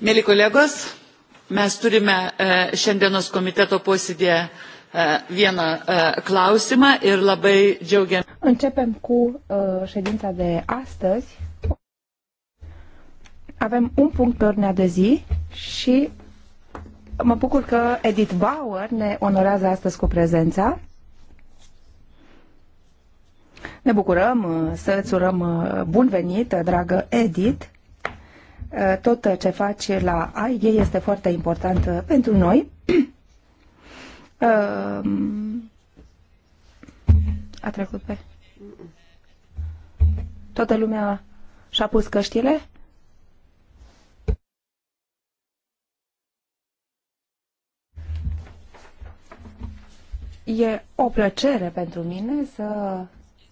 mieli kolegos mes turime šiandienos komiteto posėdyje vieną klausimą ir labai džiaugiamės. Începem cu ședința de astăzi. Avem un punct pe ordinea de zi și mă bucur că Edith Bauer ne onorează astăzi cu prezența. Ne bucurăm să îți urăm bun venit, dragă Edith. Eh, tot ce faci la AIG este foarte important eh, pentru noi. Eh, a trecut pe... Toată lumea și-a pus căștile? E o plăcere pentru mine să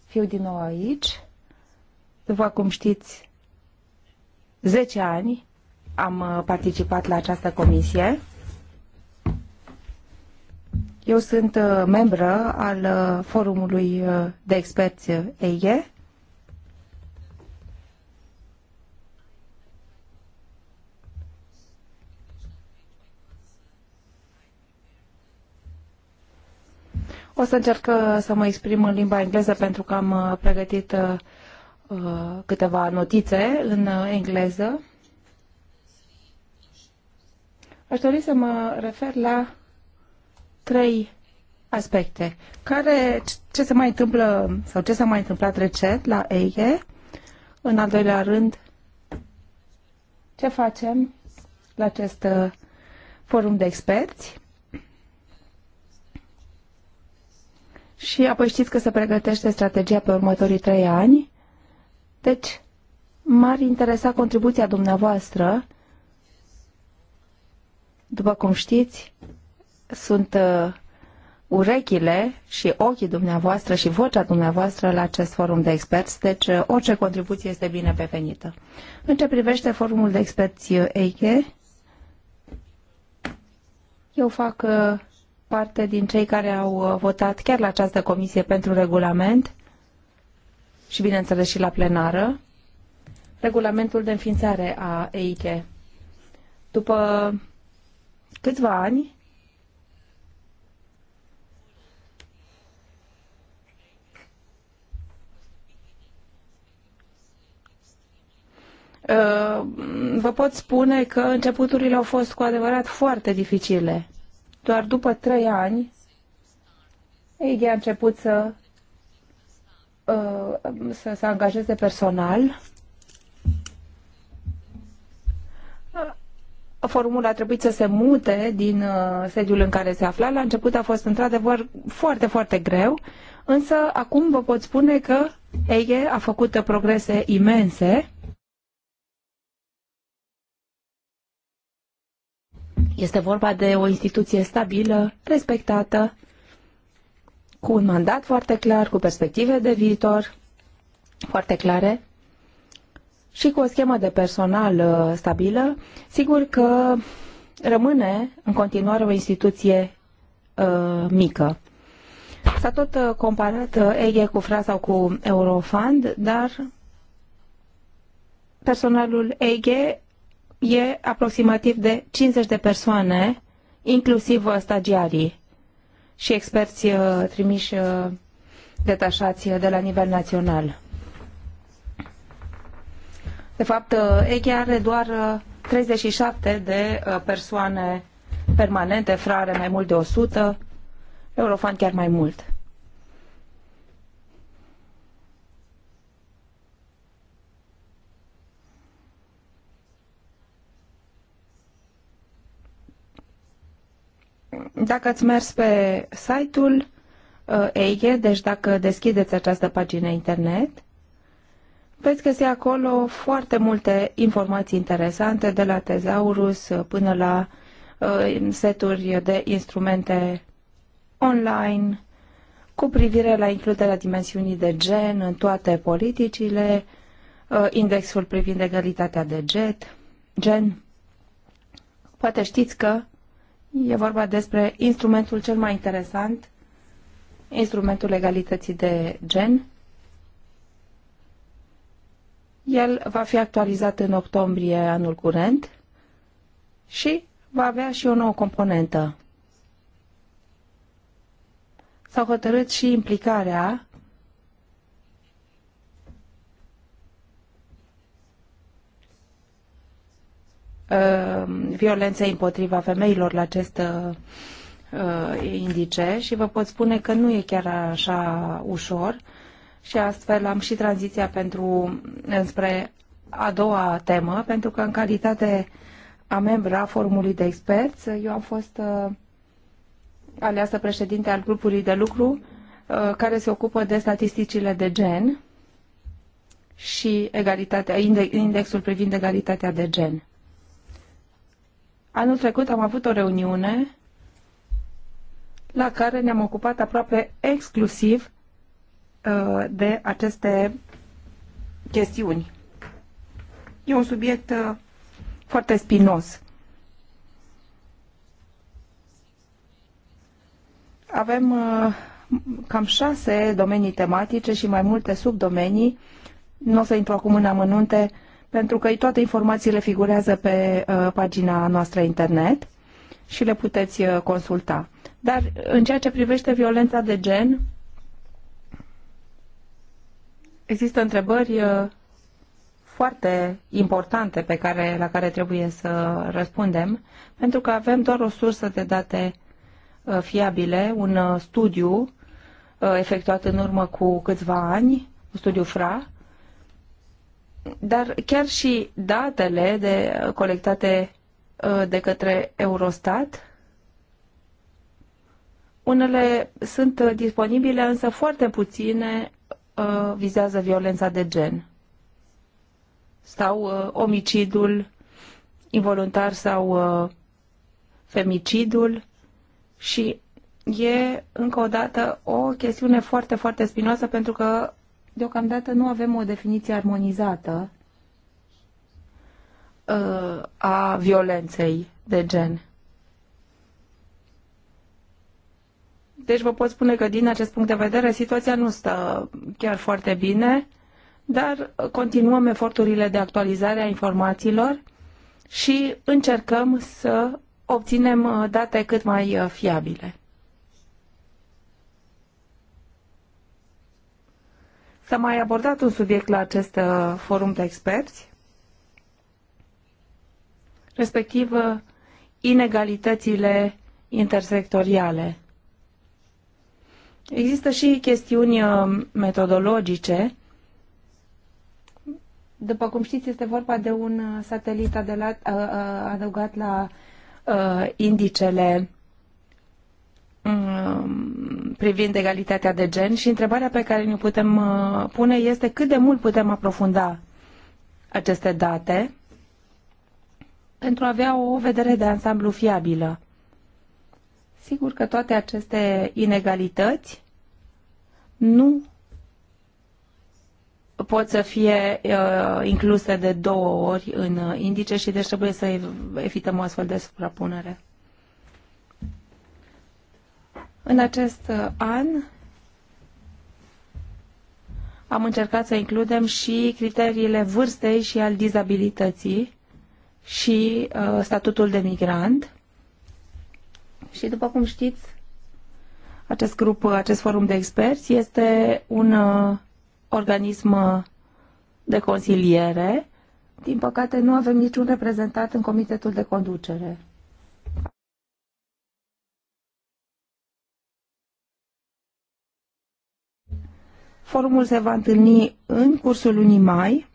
fiu din nou aici. După cum știți, 10 ani am uh, participat la această comisie. Eu sunt uh, membră al uh, forumului de experți EIE. O să încerc să mă exprim în limba engleză pentru că am pregătit Uh, câteva notițe în uh, engleză. Aș dori să mă refer la trei aspecte. Care, ce se mai întâmplă sau ce s-a mai întâmplat recent la EIE? În al doilea rând, ce facem la acest uh, forum de experți? Și apoi știți că se pregătește strategia pe următorii trei ani deci, m-ar interesa contribuția dumneavoastră. După cum știți, sunt uh, urechile și ochii dumneavoastră și vocea dumneavoastră la acest forum de experți, deci uh, orice contribuție este bine bevenită. În ce privește forumul de experți uh, EICHE, eu fac uh, parte din cei care au uh, votat chiar la această comisie pentru regulament și, bineînțeles, și la plenară, regulamentul de înființare a EIT. După câțiva ani, uh, vă pot spune că începuturile au fost cu adevărat foarte dificile. Doar după trei ani, ei a început să Uh, să se angajeze personal. Uh, Formula a trebuit să se mute din uh, sediul în care se afla. La început a fost într-adevăr foarte, foarte greu, însă acum vă pot spune că EIE a făcut progrese imense. Este vorba de o instituție stabilă, respectată cu un mandat foarte clar, cu perspective de viitor foarte clare și cu o schemă de personal uh, stabilă, sigur că rămâne în continuare o instituție uh, mică. S-a tot uh, comparat uh, EGE cu FRA sau cu Eurofund, dar personalul EGE e aproximativ de 50 de persoane, inclusiv stagiarii și experți uh, trimiși uh, detașați uh, de la nivel național. De fapt, e are doar 37 de persoane permanente, frare mai mult de 100, Eurofan chiar mai mult. Dacă ați mers pe site-ul EIE, uh, deci dacă deschideți această pagină internet, veți găsi acolo foarte multe informații interesante, de la tezaurus până la uh, seturi de instrumente online, cu privire la includerea dimensiunii de gen în toate politicile, uh, indexul privind egalitatea de gen. Poate știți că E vorba despre instrumentul cel mai interesant, instrumentul legalității de gen. El va fi actualizat în octombrie anul curent și va avea și o nouă componentă. S-au hotărât și implicarea Uh, violenței împotriva femeilor la acest uh, uh, indice și vă pot spune că nu e chiar așa ușor și astfel am și tranziția pentru înspre a doua temă, pentru că în calitate a membra forumului de experți, eu am fost aleasă președinte al grupului de lucru care se ocupă de statisticile de gen și egalitatea, indexul privind egalitatea de gen. Anul trecut am avut o reuniune la care ne-am ocupat aproape exclusiv uh, de aceste chestiuni. E un subiect uh, foarte spinos. Avem uh, cam șase domenii tematice și mai multe subdomenii. Nu o să intru acum în amănunte pentru că toate informațiile figurează pe uh, pagina noastră internet și le puteți uh, consulta. Dar în ceea ce privește violența de gen, există întrebări uh, foarte importante pe care, la care trebuie să răspundem, pentru că avem doar o sursă de date fiabile, un studiu efectuat în urmă cu câțiva ani, un studiu FRA, dar chiar și datele de, colectate ă, de către Eurostat, unele sunt disponibile, însă foarte puține ă, vizează violența de gen sau ă, omicidul involuntar sau femicidul și e încă o dată o chestiune foarte, foarte spinoasă pentru că Deocamdată nu avem o definiție armonizată uh, a violenței de gen. Deci vă pot spune că din acest punct de vedere situația nu stă chiar foarte bine, dar continuăm eforturile de actualizare a informațiilor și încercăm să obținem uh, date cât mai uh, fiabile. S-a mai abordat un subiect la acest uh, forum de experți, respectiv uh, inegalitățile intersectoriale. Există și chestiuni uh, metodologice. După cum știți, este vorba de un satelit adăugat la indicele Um, privind egalitatea de gen și întrebarea pe care ne putem uh, pune este cât de mult putem aprofunda aceste date pentru a avea o vedere de ansamblu fiabilă. Sigur că toate aceste inegalități nu pot să fie uh, incluse de două ori în uh, indice și deci trebuie să evităm o astfel de suprapunere. În acest uh, an am încercat să includem și criteriile vârstei și al dizabilității și uh, statutul de migrant. Și după cum știți, acest grup, uh, acest forum de experți este un uh, organism uh, de consiliere. Din păcate, nu avem niciun reprezentat în comitetul de conducere. Forumul se va întâlni în cursul lunii mai,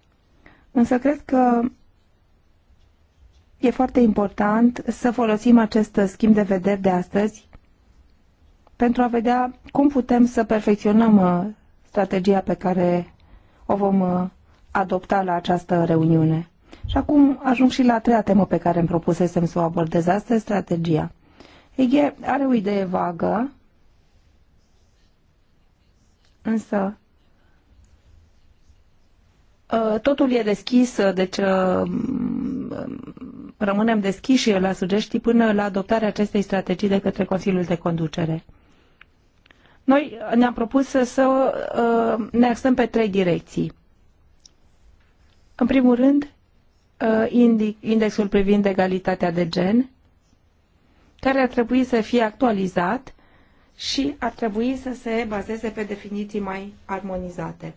însă cred că e foarte important să folosim acest schimb de vederi de astăzi pentru a vedea cum putem să perfecționăm uh, strategia pe care o vom uh, adopta la această reuniune. Și acum ajung și la a treia temă pe care îmi propusesem să o abordez astăzi, strategia. Ege are o idee vagă, însă Uh, totul e deschis, uh, deci uh, mm, rămânem deschiși la sugestii până la adoptarea acestei strategii de către Consiliul de Conducere. Noi ne-am propus să, să ne axăm pe trei direcții. În primul rând, indexul privind egalitatea de gen, care ar trebui să fie actualizat și ar trebui să se bazeze pe definiții mai armonizate.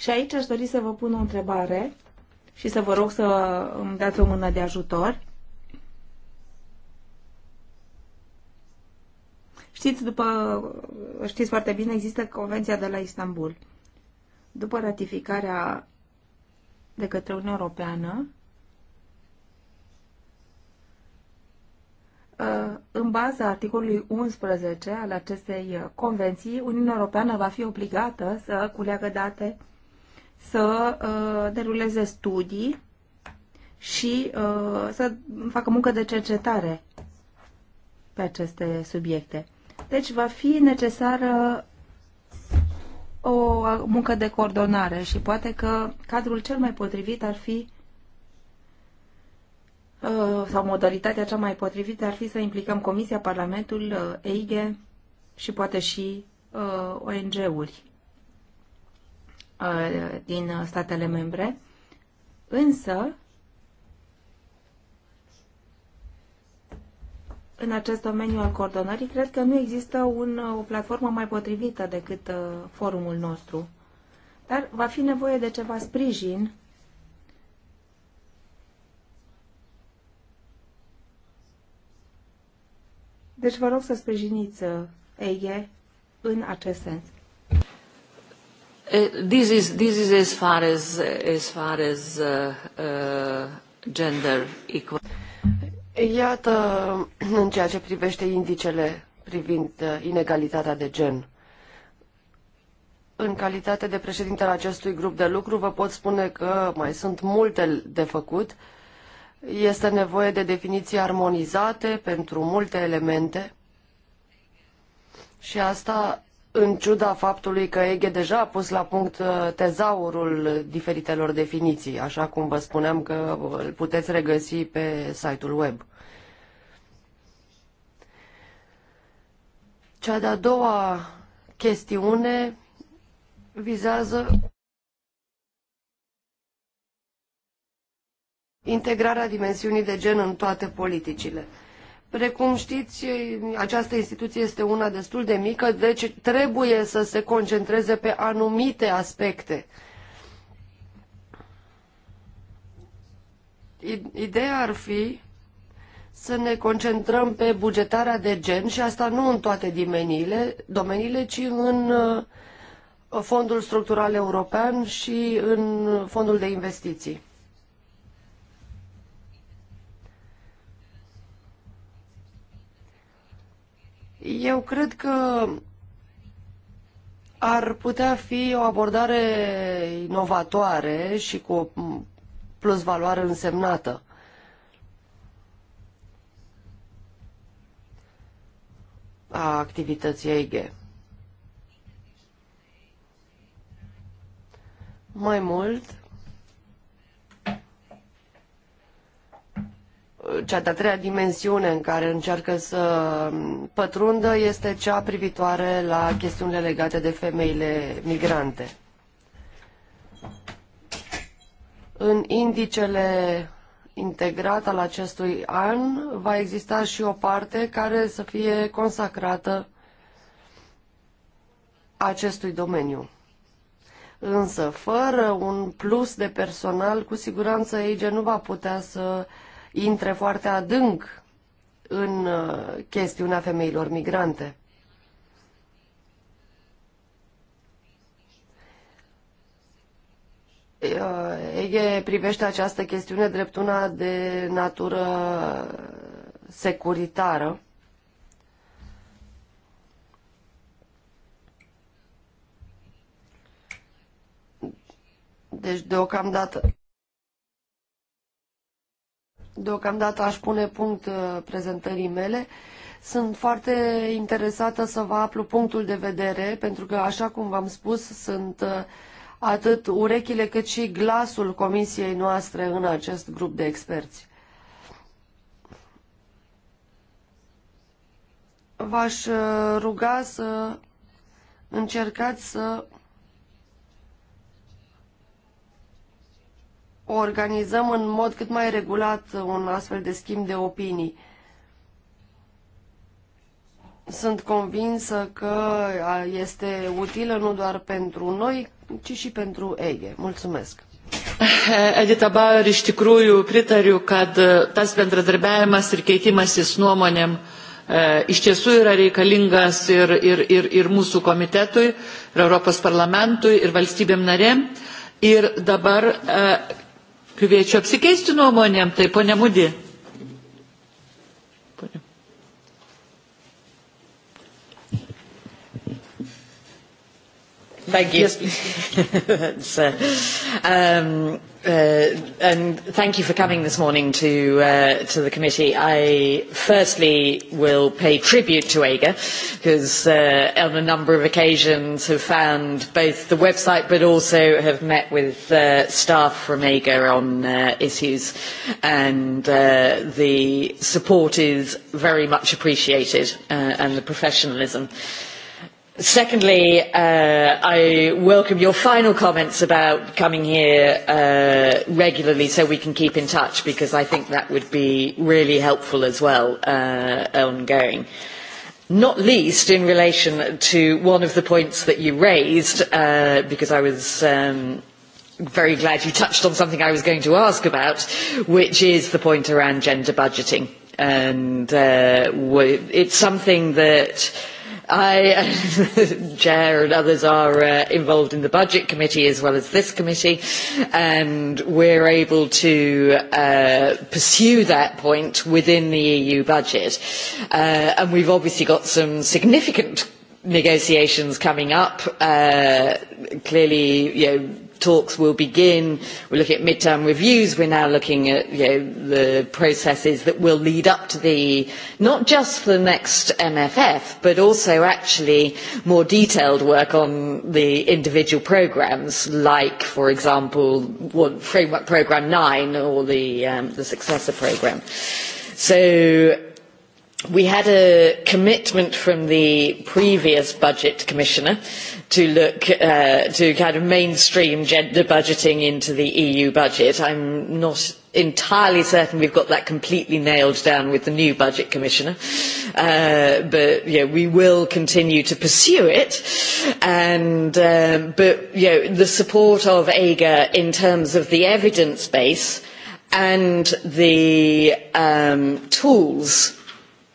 Și aici aș dori să vă pun o întrebare și să vă rog să îmi dați o mână de ajutor. Știți, după, știți foarte bine, există Convenția de la Istanbul. După ratificarea de către Uniunea Europeană, în baza articolului 11 al acestei convenții, Uniunea Europeană va fi obligată să culeagă date să uh, deruleze studii și uh, să facă muncă de cercetare pe aceste subiecte. Deci va fi necesară o muncă de coordonare și poate că cadrul cel mai potrivit ar fi uh, sau modalitatea cea mai potrivită ar fi să implicăm Comisia, Parlamentul, uh, EIGE și poate și uh, ONG-uri Uh, din statele membre, însă în acest domeniu al coordonării, cred că nu există un, uh, o platformă mai potrivită decât uh, forumul nostru. Dar va fi nevoie de ceva sprijin Deci vă rog să sprijiniți uh, EIE în acest sens. Uh, this is this is as far as as far as uh, uh, gender equal. Iată în ceea ce privește indicele privind uh, inegalitatea de gen. În calitate de președinte al acestui grup de lucru, vă pot spune că mai sunt multe de făcut. Este nevoie de definiții armonizate pentru multe elemente și asta în ciuda faptului că Ege deja a pus la punct uh, tezaurul diferitelor definiții, așa cum vă spuneam că îl puteți regăsi pe site-ul web. Cea de-a doua chestiune vizează integrarea dimensiunii de gen în toate politicile. Precum știți, această instituție este una destul de mică, deci trebuie să se concentreze pe anumite aspecte. Ideea ar fi să ne concentrăm pe bugetarea de gen și asta nu în toate domeniile, domeniile ci în uh, Fondul Structural European și în Fondul de Investiții. Eu cred că ar putea fi o abordare inovatoare și cu o plus valoare însemnată. a activității EIG. Mai mult, cea de-a treia dimensiune în care încearcă să pătrundă este cea privitoare la chestiunile legate de femeile migrante. În indicele integrat al acestui an va exista și o parte care să fie consacrată acestui domeniu. Însă, fără un plus de personal, cu siguranță EIGE nu va putea să uh, intre foarte adânc în uh, chestiunea femeilor migrante. Uh, Ege privește această chestiune drept una de natură securitară. Deci, deocamdată... Deocamdată aș pune punct uh, prezentării mele. Sunt foarte interesată să vă aplu punctul de vedere, pentru că, așa cum v-am spus, sunt uh, atât urechile cât și glasul comisiei noastre în acest grup de experți. V-aș uh, ruga să încercați să organizăm în mod cât mai regulat un astfel de schimb de opinii. Sunt convinsă că este utilă nu doar pentru noi, ci și pentru EGE. Mulțumesc! Edita Bauer, iš tikrųjų pritariu, kad uh, tas bendradarbiavimas ir keitimasis nuomonėm uh, iš tiesų yra reikalingas ir, ir, ir, ir mūsų komitetui, ir Europos parlamentui, ir valstybėm narėm. Ir dabar uh, Piliečių apsikeisti nuomonėm, tai ponia Mudė. Thank you. Yes, um, uh, and thank you for coming this morning to, uh, to the committee. I firstly will pay tribute to AGA because uh, on a number of occasions have found both the website but also have met with uh, staff from AGA on uh, issues and uh, the support is very much appreciated uh, and the professionalism. Uh, Secondly, uh, I welcome your final comments about coming here uh, regularly so we can keep in touch because I think that would be really helpful as well uh, ongoing. Not least in relation to one of the points that you raised, because I was um, very glad you touched on something I was going to ask about, which is the point around gender budgeting. And it's something that I, uh, Chair and others are uh, involved in the Budget Committee as well as this committee, and we're able to uh, pursue that point within the EU budget. Uh, and we've obviously got some significant negotiations coming up. Uh, clearly, you know, talks will begin. We're looking at midterm reviews. We're now looking at you know, the processes that will lead up to the, not just the next MFF, but also actually more detailed work on the individual programmes, like, for example, what Framework Programme 9 or the, um, the successor programme. So we had a commitment from the previous budget commissioner to look uh, to kind of mainstream gender budgeting into the EU budget. I'm not entirely certain we've got that completely nailed down with the new budget commissioner, uh, but we will continue to pursue it. And um, but you know, the support of AGA in terms of the evidence base and the um, tools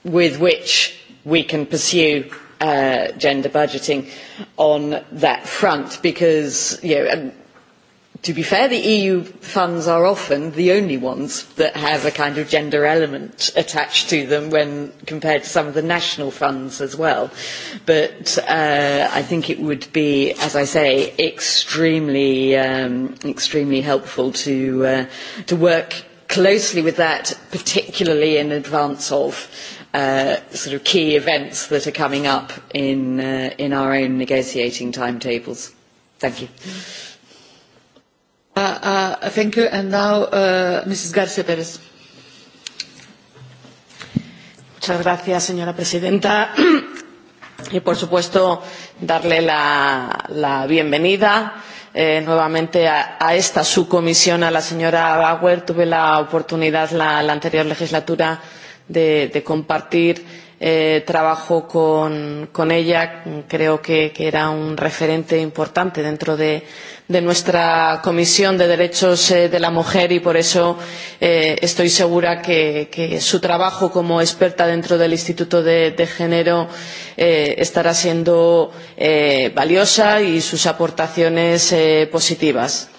with which we can pursue uh, gender budgeting on that front because, you know, to be fair, the EU funds are often the only ones that have a kind of gender element attached to them when compared to some of the national funds as well. But uh, I think it would be, as I say, extremely, um, extremely helpful to, uh, to work closely with that, particularly in advance of uh, sort of key events that are coming up in, uh, in our own negotiating timetables. Thank you. Uh, uh, thank you. And now, uh, Mrs. Garcia Perez. Muchas gracias, señora presidenta. y, por supuesto, darle la, la bienvenida eh, nuevamente a, a esta subcomisión a la señora Bauer. Tuve la oportunidad la, la anterior legislatura de, de compartir eh, trabajo con, con ella. Creo que, que era un referente importante dentro de, de nuestra Comisión de Derechos eh, de la Mujer y por eso eh, estoy segura que, que su trabajo como experta dentro del Instituto de, de Género eh, estará siendo eh, valiosa y sus aportaciones eh, positivas.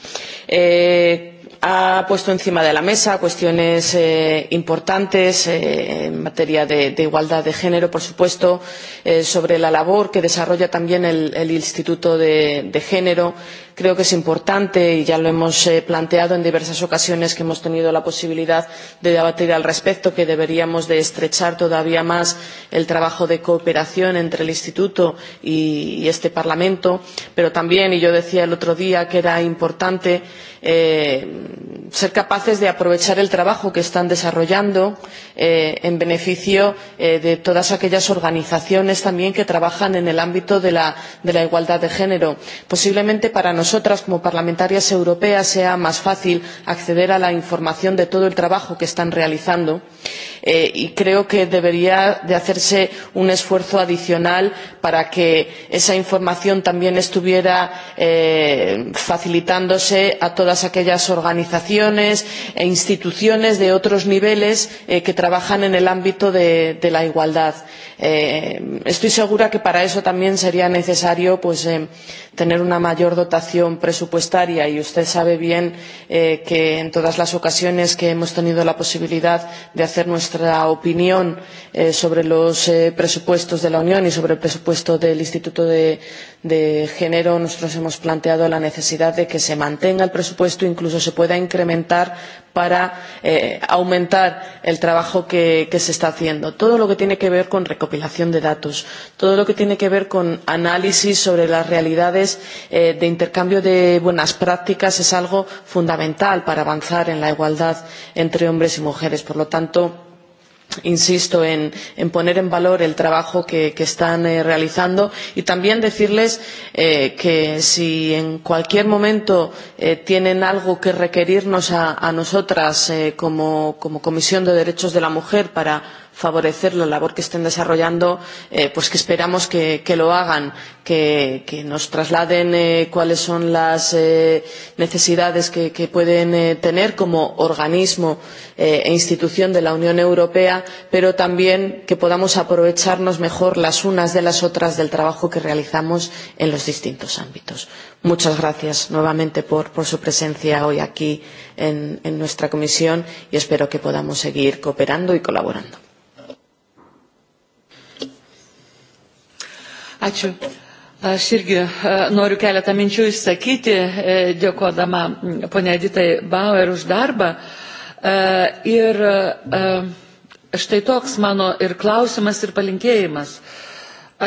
Eh, ha puesto encima de la mesa cuestiones eh, importantes eh, en materia de, de igualdad de género, por supuesto, eh, sobre la labor que desarrolla también el, el Instituto de, de Género creo que es importante y ya lo hemos eh, planteado en diversas ocasiones que hemos tenido la posibilidad de debatir al respecto que deberíamos de estrechar todavía más el trabajo de cooperación entre el instituto y, y este parlamento pero también y yo decía el otro día que era importante eh, ser capaces de aprovechar el trabajo que están desarrollando eh, en beneficio eh, de todas aquellas organizaciones también que trabajan en el ámbito de la, de la igualdad de género. posiblemente para nosotros nosotras como parlamentarias europeas sea más fácil acceder a la información de todo el trabajo que están realizando y Eh, y creo que debería hacerse un esfuerzo adicional para que esa información también estuviera eh, facilitándose a todas aquellas organizaciones e instituciones de otros niveles eh, que trabajan en el ámbito de, la igualdad. Eh, estoy segura de que para eso también sería necesario tener una mayor dotación presupuestaria y usted sabe bien que en todas las ocasiones que hemos tenido la posibilidad de hacer nuestro nuestra opinión eh, sobre los eh, presupuestos de la Unión y sobre el presupuesto del Instituto de, de Género, nosotros hemos planteado la necesidad de que se mantenga el presupuesto, incluso se pueda incrementar para eh, aumentar el trabajo que, que se está haciendo. Todo lo que tiene que ver con recopilación de datos, todo lo que tiene que ver con análisis sobre las realidades eh, de intercambio de buenas prácticas es algo fundamental para avanzar en la igualdad entre hombres y mujeres. Por lo tanto, insisto en, en poner en valor el trabajo que, que están eh, realizando y también decirles eh, que si en cualquier momento eh, tienen algo que requerirnos a, a nosotras eh, como, como Comisión de Derechos de la Mujer para favorecer la labor que estén desarrollando, eh, pues que esperamos que, que lo hagan, que, que nos trasladen eh, cuáles son las eh, necesidades que, que pueden eh, tener como organismo eh, e institución de la Unión Europea, pero también que podamos aprovecharnos mejor las unas de las otras del trabajo que realizamos en los distintos ámbitos. Muchas gracias nuevamente por, por su presencia hoy aquí en, en nuestra comisión y espero que podamos seguir cooperando y colaborando. Aš irgi noriu keletą minčių išsakyti, dėkodama ponė Editai Bauer už darbą. Ir štai toks mano ir klausimas, ir palinkėjimas.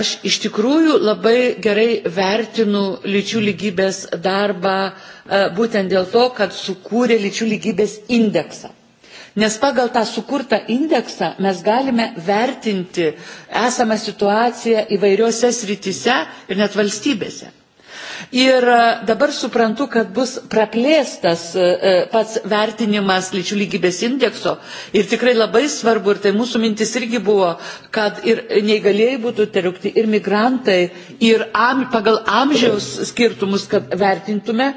Aš iš tikrųjų labai gerai vertinu lyčių lygybės darbą būtent dėl to, kad sukūrė lyčių lygybės indeksą nes pagal tą sukurtą indeksą mes galime vertinti esamą situaciją įvairiose srityse ir net valstybėse ir dabar suprantu kad bus praplėstas pats vertinimas lyčių lygybės indekso ir tikrai labai svarbu ir tai mūsų mintis irgi buvo kad ir neįgalieji būtų įtraukti ir migrantai ir am, pagal amžiaus skirtumus kad vertintume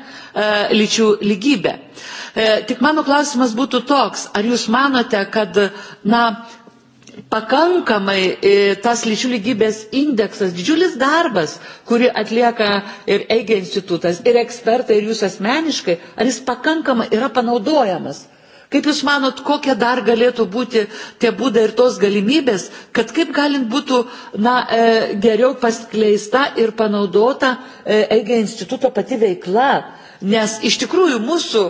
lyčių lygybę. tik mano klausimas būtų toks ar jūs manote kad na pakankamai tas lyčių lygybės indeksas, didžiulis darbas, kurį atlieka ir EIGE institutas, ir ekspertai, ir jūs asmeniškai, ar jis pakankamai yra panaudojamas? Kaip Jūs manot, kokie dar galėtų būti tie būdai ir tos galimybės, kad kaip galint būtų na, geriau paskleista ir panaudota EIGE instituto pati veikla, nes iš tikrųjų mūsų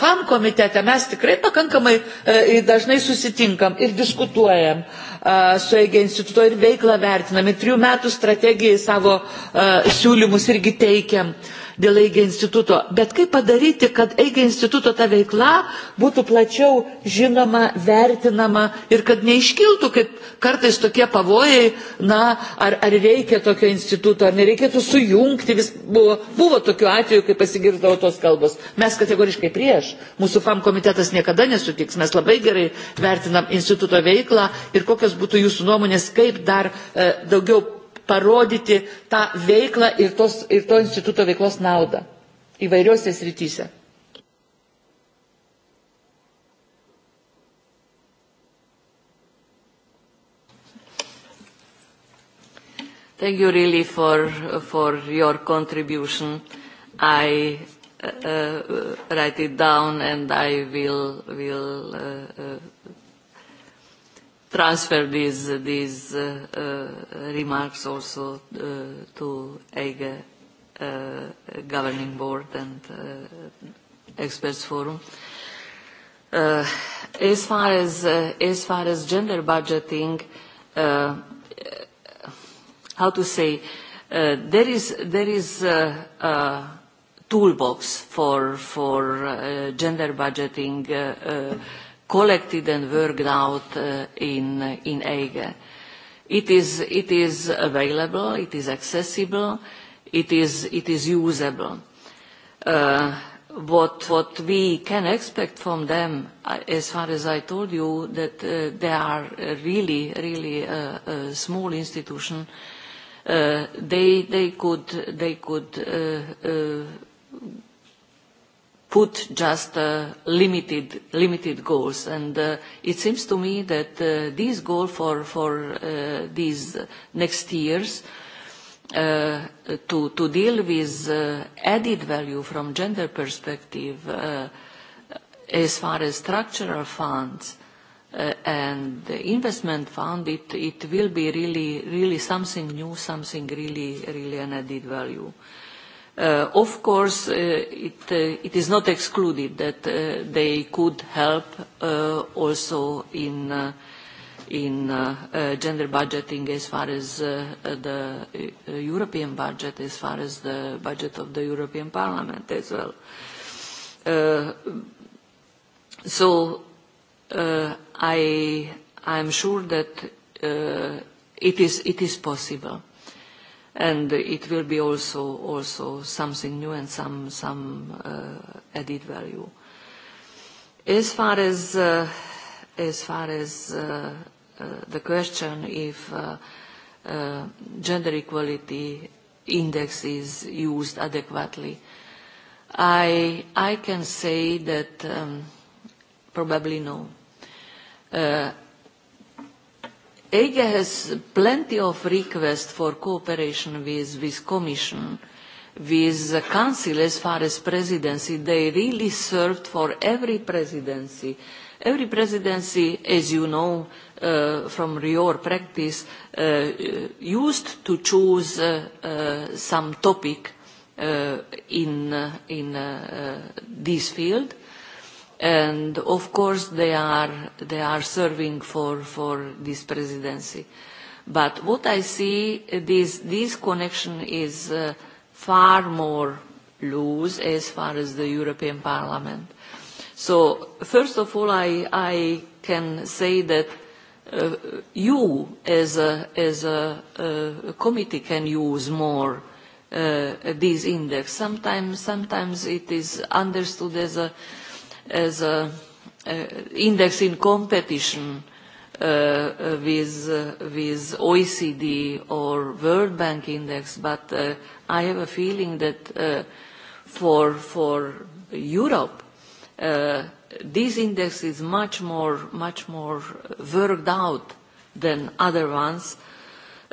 FAM komitete mes tikrai pakankamai dažnai susitinkam ir diskutuojam su EG instituto ir veiklą vertinam, ir trijų metų strategijai savo siūlymus irgi teikiam dėl eigė instituto, bet kaip padaryti, kad eigė instituto ta veikla būtų plačiau žinoma, vertinama ir kad neiškiltų kaip kartais tokie pavojai, na, ar, ar reikia tokio instituto, ar nereikėtų sujungti, vis buvo, buvo tokių atvejų, kai pasigirdavo tos kalbos. Mes kategoriškai prieš, mūsų FAM komitetas niekada nesutiks, mes labai gerai vertinam instituto veiklą ir kokios būtų jūsų nuomonės, kaip dar e, daugiau parodyti tą veiklą ir, tos, ir to instituto veiklos naudą įvairiuose srityse. Thank you really for, for your contribution. I uh, uh write it down and I will, will uh, uh, transfer these, these uh, uh, remarks also uh, to EIGE uh, governing board and uh, experts forum. Uh, as far as uh, as far as gender budgeting, uh, uh how to say, uh, there is there is a, uh, a uh, toolbox for for uh, gender budgeting. Uh, uh, collected and worked out uh, eh, in, in EIGE. It is, it is available, it is accessible, it is, it is usable. Uh, what, what we can expect from them, eh, as far as I told you, that uh, they are really, really a, a small institution. Uh, they, they could, they could uh, uh, put just uh, limited, limited goals. And uh, it seems to me that uh, these goals for, for uh, these next years uh, to, to deal with uh, added value from gender perspective uh, as far as structural funds uh, and the investment fund, it, it will be really, really something new, something really, really an added value. Uh, Uh, of course, uh, it, uh, it is not excluded that uh, they could help uh, also in, uh, in gender budgeting as far as the European budget, as far as the budget of the European Parliament as well. So I am sure that it is, it is possible and it will be also also something new and some some uh, added value. As far as uh, as far as uh, uh, the question if uh, uh, gender equality index is used adequately, I I can say that um, probably no. Uh, EGA has plenty of requests for cooperation with, with Commission, with the Council as far as presidency. They really served for every presidency. Every presidency, as you know uh, from your practice, uh, used to choose uh, uh some topic uh, in, uh, in this field and of course they are they are serving for for this presidency but what i see this this connection is uh, far more loose as far as the european parliament so first of all i i can say that uh, you as a as a, uh, a committee can use more uh, this index sometimes sometimes it is understood as a as an uh, index in competition uh, with, uh, with OECD or World Bank index, but uh, I have a feeling that uh, for, for Europe, uh, this index is much more, much more worked out than other ones.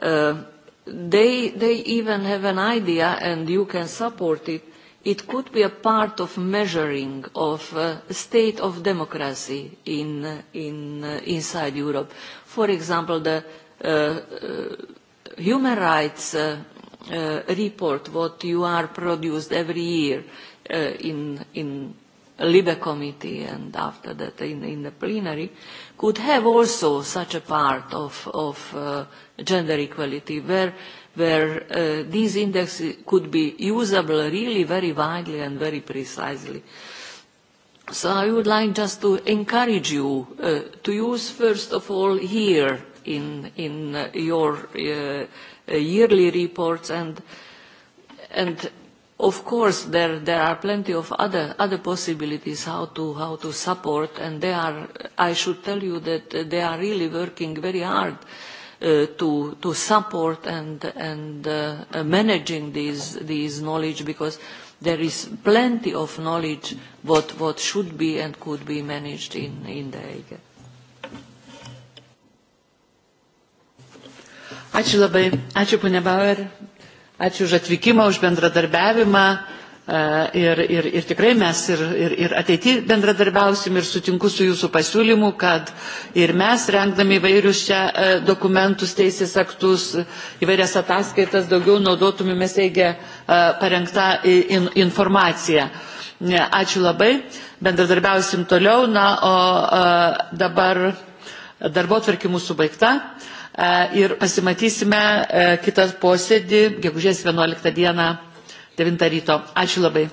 Uh, they, they even have an idea, and you can support it, it could be a part of measuring of uh, state of democracy in, in, uh, inside Europe. For example, the uh, uh, human rights uh, uh, report, what you are produced every year uh, in, in Libe committee and after that in, in the plenary, could have also such a part of, of uh, gender equality where uh, where uh, these indexes could be usable really very widely and very precisely. So I would like just to encourage you uh, to use first of all here in, in uh, your uh, yearly reports and, and of course there, there are plenty of other, other possibilities how to, how to support and they are, I should tell you that they are really working very hard uh, Uh, to to support and and uh, uh, managing these these knowledge because there is plenty of knowledge what what should be and could be managed in in the AGE. Ačiū labai, ačiū Pune Bauer, ačiū už atvykimą, už bendradarbiavimą Ir, ir, ir tikrai mes ir, ir, ir ateity bendradarbiausim ir sutinku su jūsų pasiūlymu, kad ir mes rengdami įvairius čia dokumentus, teisės aktus, įvairias ataskaitas daugiau naudotumėmės teigia parengta informacija. Ačiū labai, bendradarbiausim toliau, na, o dabar darbo tvarkė mūsų baigta ir pasimatysime kitą posėdį, gegužės 11 dieną devintą ryto ačiū labai